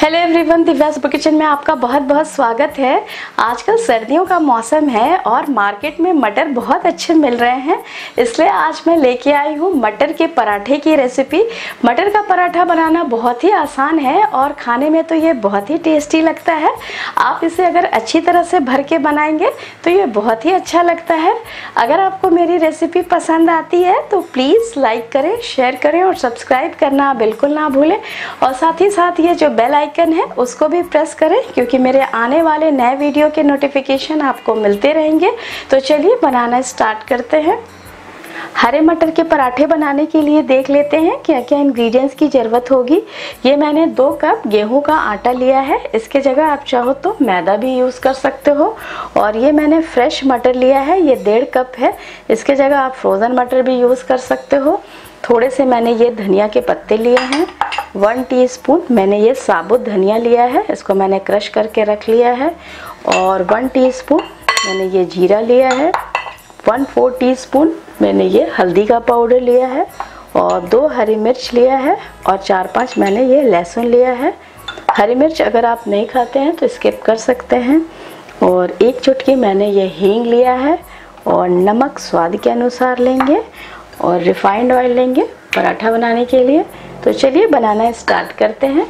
hello everyone Divya super kitchen में आपका बहुत बहुत स्वागत है आजकल सर्दियों का मौसम है और मार्केट में मटर बहुत अच्छे मिल रहे हैं इसलिए आज मैं लेके आई हूँ मटर के पराठे की रेसिपी मटर का पराठा बनाना बहुत ही आसान है और खाने में तो ये बहुत ही टेस्टी लगता है आप इसे अगर अच्छी तरह से भर के बनाएंगे तो ये बहुत ही अच्छा लगता है अगर आपको मेरी रेसिपी पसंद आती है तो प्लीज़ लाइक करें शेयर करें और सब्सक्राइब करना बिल्कुल ना भूलें और साथ ही साथ ये जो बेल आइकन है उसको भी प्रेस करें क्योंकि मेरे आने वाले नए वीडियो के नोटिफिकेशन आपको मिलते रहेंगे तो चलिए बनाना स्टार्ट करते हैं हरे मटर के पराठे बनाने के लिए देख लेते हैं क्या क्या इंग्रेडिएंट्स की ज़रूरत होगी ये मैंने दो कप गेहूं का आटा लिया है इसके जगह आप चाहो तो मैदा भी यूज़ कर सकते हो और ये मैंने फ्रेश मटर लिया है ये डेढ़ कप है इसके जगह आप फ्रोज़न मटर भी यूज़ कर सकते हो थोड़े से मैंने ये धनिया के पत्ते लिए हैं वन टीस्पून मैंने ये साबुत धनिया लिया है इसको मैंने क्रश करके रख लिया है और वन टीस्पून मैंने ये जीरा लिया है वन फोर टीस्पून मैंने ये हल्दी का पाउडर लिया है और दो हरी मिर्च लिया है और चार पांच मैंने ये लहसुन लिया है हरी मिर्च अगर आप नहीं खाते हैं तो स्किप कर सकते हैं और एक चुटकी मैंने ये हींग लिया है और नमक स्वाद के अनुसार लेंगे और रिफाइंड ऑयल लेंगे पराठा बनाने के लिए तो चलिए बनाना स्टार्ट करते हैं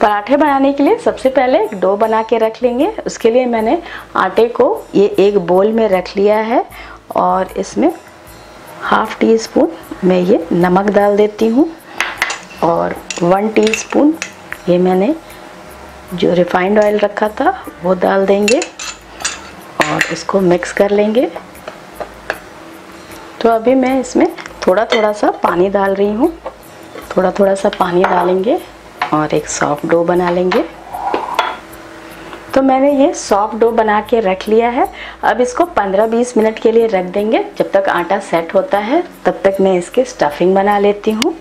पराठे बनाने के लिए सबसे पहले एक डो बना के रख लेंगे उसके लिए मैंने आटे को ये एक बोल में रख लिया है और इसमें हाफ टी स्पून मैं ये नमक डाल देती हूँ और वन टी स्पून ये मैंने जो रिफाइंड ऑयल रखा था वो डाल देंगे और इसको मिक्स कर लेंगे तो अभी मैं इसमें थोड़ा थोड़ा सा पानी डाल रही हूँ थोड़ा थोड़ा सा पानी डालेंगे और एक सॉफ्ट डो बना लेंगे तो मैंने ये सॉफ्ट डो बना के रख लिया है अब इसको 15-20 मिनट के लिए रख देंगे जब तक आटा सेट होता है तब तक मैं इसके स्टफिंग बना लेती हूँ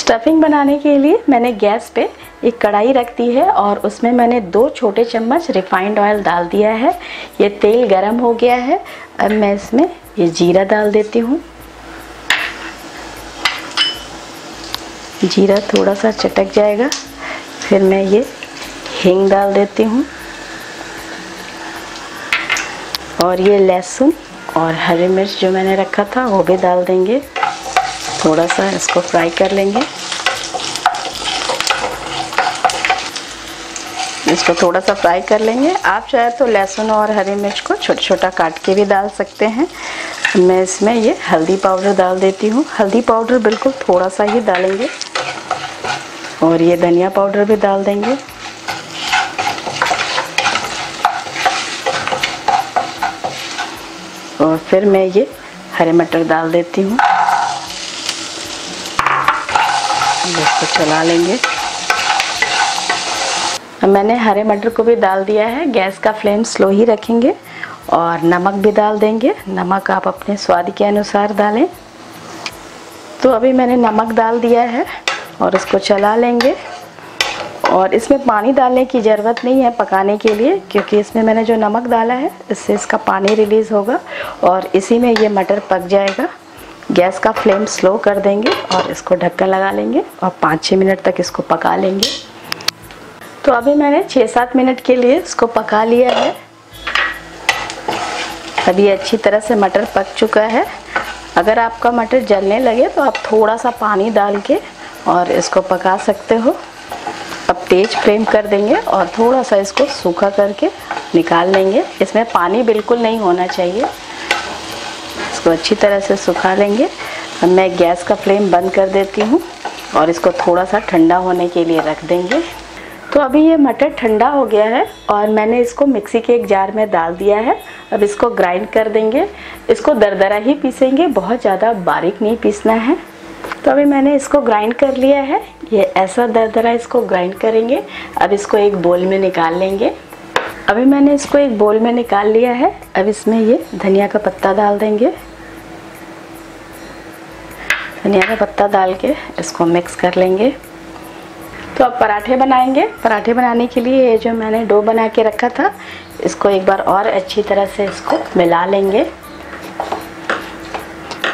स्टफिंग बनाने के लिए मैंने गैस पे एक कढ़ाई रख दी है और उसमें मैंने दो छोटे चम्मच रिफाइंड ऑयल डाल दिया है ये तेल गर्म हो गया है अब मैं इसमें ये जीरा डाल देती हूँ जीरा थोड़ा सा चटक जाएगा फिर मैं ये हींग डाल देती हूँ और ये लहसुन और हरी मिर्च जो मैंने रखा था वो भी डाल देंगे थोड़ा सा इसको फ्राई कर लेंगे इसको थोड़ा सा फ्राई कर लेंगे आप चाहे तो लहसुन और हरी मिर्च को छोटा छोटा काट के भी डाल सकते हैं मैं इसमें ये हल्दी पाउडर डाल देती हूँ हल्दी पाउडर बिल्कुल थोड़ा सा ही डालेंगे और ये धनिया पाउडर भी डाल देंगे और फिर मैं ये हरे मटर डाल देती हूँ इसको चला लेंगे मैंने हरे मटर को भी डाल दिया है गैस का फ्लेम स्लो ही रखेंगे और नमक भी डाल देंगे नमक आप अपने स्वाद के अनुसार डालें तो अभी मैंने नमक डाल दिया है और इसको चला लेंगे और इसमें पानी डालने की ज़रूरत नहीं है पकाने के लिए क्योंकि इसमें मैंने जो नमक डाला है इससे इसका पानी रिलीज़ होगा और इसी में ये मटर पक जाएगा गैस का फ्लेम स्लो कर देंगे और इसको ढक्कन लगा लेंगे और पाँच छः मिनट तक इसको पका लेंगे तो अभी मैंने छः सात मिनट के लिए इसको पका लिया है अभी अच्छी तरह से मटर पक चुका है अगर आपका मटर जलने लगे तो आप थोड़ा सा पानी डाल के और इसको पका सकते हो अब तेज फ्लेम कर देंगे और थोड़ा सा इसको सूखा करके निकाल लेंगे इसमें पानी बिल्कुल नहीं होना चाहिए इसको अच्छी तरह से सुखा लेंगे अब मैं गैस का फ्लेम बंद कर देती हूँ और इसको थोड़ा सा ठंडा होने के लिए रख देंगे तो अभी ये मटर ठंडा हो गया है और मैंने इसको मिक्सी के एक जार में डाल दिया है अब इसको ग्राइंड कर देंगे इसको दरदरा ही पीसेंगे बहुत ज़्यादा बारीक नहीं पीसना है तो अभी मैंने इसको ग्राइंड कर लिया है ये ऐसा दरदरा इसको ग्राइंड करेंगे अब इसको एक बोल में निकाल लेंगे अभी मैंने इसको एक बोल में निकाल लिया है अब इसमें ये धनिया का पत्ता डाल देंगे धनिया का पत्ता डाल के इसको मिक्स कर लेंगे तो अब पराठे बनाएंगे पराठे बनाने के लिए ये जो मैंने डो बना के रखा था इसको एक बार और अच्छी तरह से इसको मिला लेंगे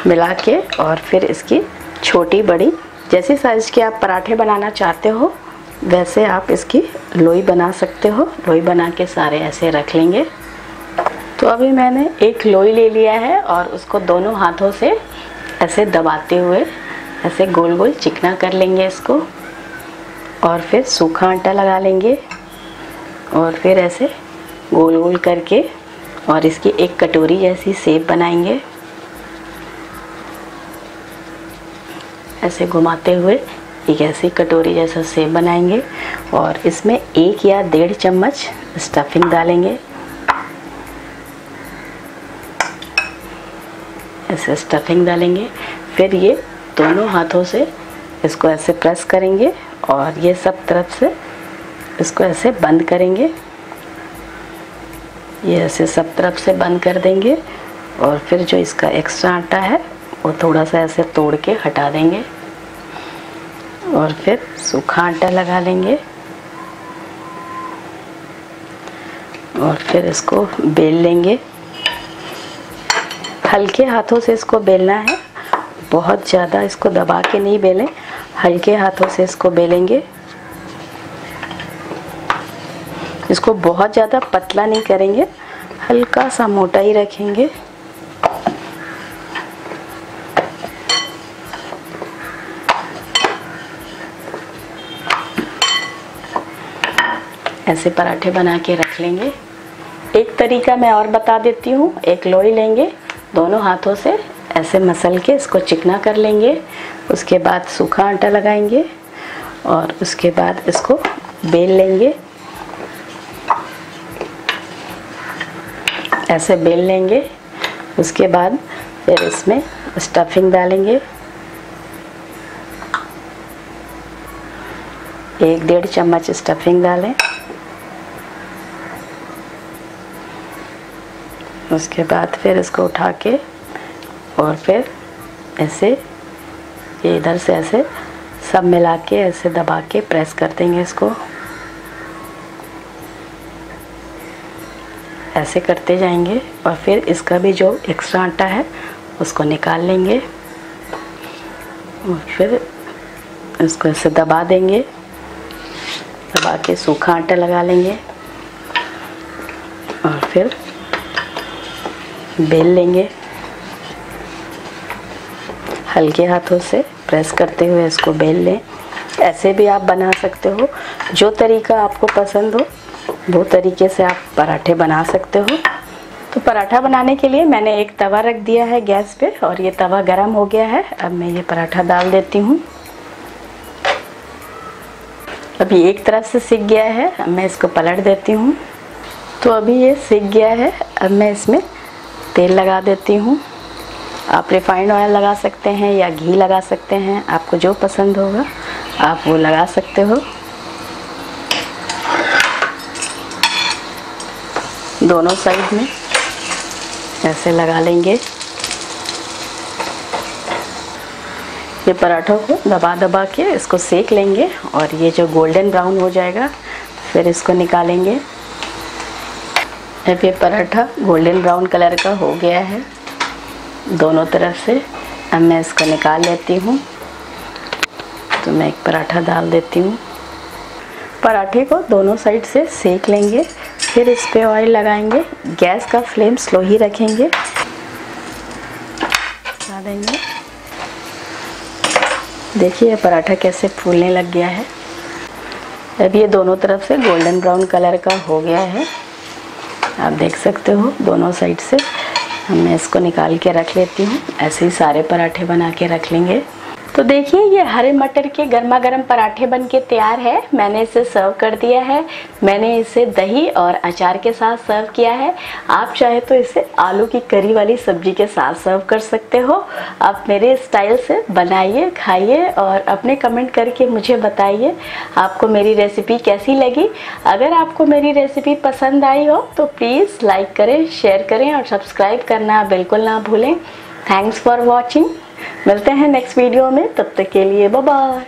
मिला के और फिर इसकी छोटी बड़ी जैसे साइज़ के आप पराठे बनाना चाहते हो वैसे आप इसकी लोई बना सकते हो लोई बना के सारे ऐसे रख लेंगे तो अभी मैंने एक लोई ले लिया है और उसको दोनों हाथों से ऐसे दबाते हुए ऐसे गोल गोल चिकना कर लेंगे इसको और फिर सूखा आटा लगा लेंगे और फिर ऐसे गोल गोल करके और इसकी एक कटोरी जैसी सेब बनाएंगे ऐसे घुमाते हुए एक ऐसी कटोरी जैसा सेब बनाएंगे और इसमें एक या डेढ़ चम्मच स्टफिंग डालेंगे ऐसे स्टफिंग डालेंगे फिर ये दोनों हाथों से इसको ऐसे प्रेस करेंगे और ये सब तरफ से इसको ऐसे बंद करेंगे ये ऐसे सब तरफ से बंद कर देंगे और फिर जो इसका एक्स्ट्रा आटा है और थोड़ा सा ऐसे तोड़ के हटा देंगे और फिर सूखा आटा लगा लेंगे और फिर इसको बेल लेंगे हल्के हाथों से इसको बेलना है बहुत ज़्यादा इसको दबा के नहीं बेलें हल्के हाथों से इसको बेलेंगे इसको बहुत ज़्यादा पतला नहीं करेंगे हल्का सा मोटा ही रखेंगे ऐसे पराठे बना के रख लेंगे एक तरीका मैं और बता देती हूँ एक लोई लेंगे दोनों हाथों से ऐसे मसल के इसको चिकना कर लेंगे उसके बाद सूखा आटा लगाएंगे और उसके बाद इसको बेल लेंगे ऐसे बेल लेंगे उसके बाद फिर इसमें स्टफिंग डालेंगे एक डेढ़ चम्मच स्टफिंग डालें उसके बाद फिर इसको उठा के और फिर ऐसे ये इधर से ऐसे सब मिला के ऐसे दबा के प्रेस कर देंगे इसको ऐसे करते जाएंगे और फिर इसका भी जो एक्स्ट्रा आटा है उसको निकाल लेंगे और फिर इसको ऐसे दबा देंगे दबा के सूखा आटा लगा लेंगे और फिर बेल लेंगे हल्के हाथों से प्रेस करते हुए इसको बेल लें ऐसे भी आप बना सकते हो जो तरीका आपको पसंद हो वो तरीके से आप पराठे बना सकते हो तो पराठा बनाने के लिए मैंने एक तवा रख दिया है गैस पे और ये तवा गरम हो गया है अब मैं ये पराठा डाल देती हूँ अभी एक तरफ से सीख गया है अब मैं इसको पलट देती हूँ तो अभी ये सीख गया है अब मैं इसमें तेल लगा देती हूँ आप रिफाइंड ऑयल लगा सकते हैं या घी लगा सकते हैं आपको जो पसंद होगा आप वो लगा सकते हो दोनों साइड में ऐसे लगा लेंगे ये पराठों को दबा दबा के इसको सेक लेंगे और ये जो गोल्डन ब्राउन हो जाएगा फिर इसको निकालेंगे अब ये पराठा गोल्डन ब्राउन कलर का हो गया है दोनों तरफ से अब मैं इसको निकाल लेती हूँ तो मैं एक पराठा डाल देती हूँ पराठे को दोनों साइड से सेक लेंगे फिर इस पर ऑयल लगाएंगे गैस का फ्लेम स्लो ही रखेंगे देंगे देखिए पराठा कैसे फूलने लग गया है अब ये दोनों तरफ से गोल्डन ब्राउन कलर का हो गया है आप देख सकते हो दोनों साइड से मैं इसको निकाल के रख लेती हूँ ऐसे ही सारे पराठे बना के रख लेंगे तो देखिए ये हरे मटर के गर्मा गर्म पराठे बन के तैयार है मैंने इसे सर्व कर दिया है मैंने इसे दही और अचार के साथ सर्व किया है आप चाहे तो इसे आलू की करी वाली सब्जी के साथ सर्व कर सकते हो आप मेरे स्टाइल से बनाइए खाइए और अपने कमेंट करके मुझे बताइए आपको मेरी रेसिपी कैसी लगी अगर आपको मेरी रेसिपी पसंद आई हो तो प्लीज़ लाइक करें शेयर करें और सब्सक्राइब करना बिल्कुल ना भूलें थैंक्स फॉर वॉचिंग मिलते हैं नेक्स्ट वीडियो में तब तक के लिए बाय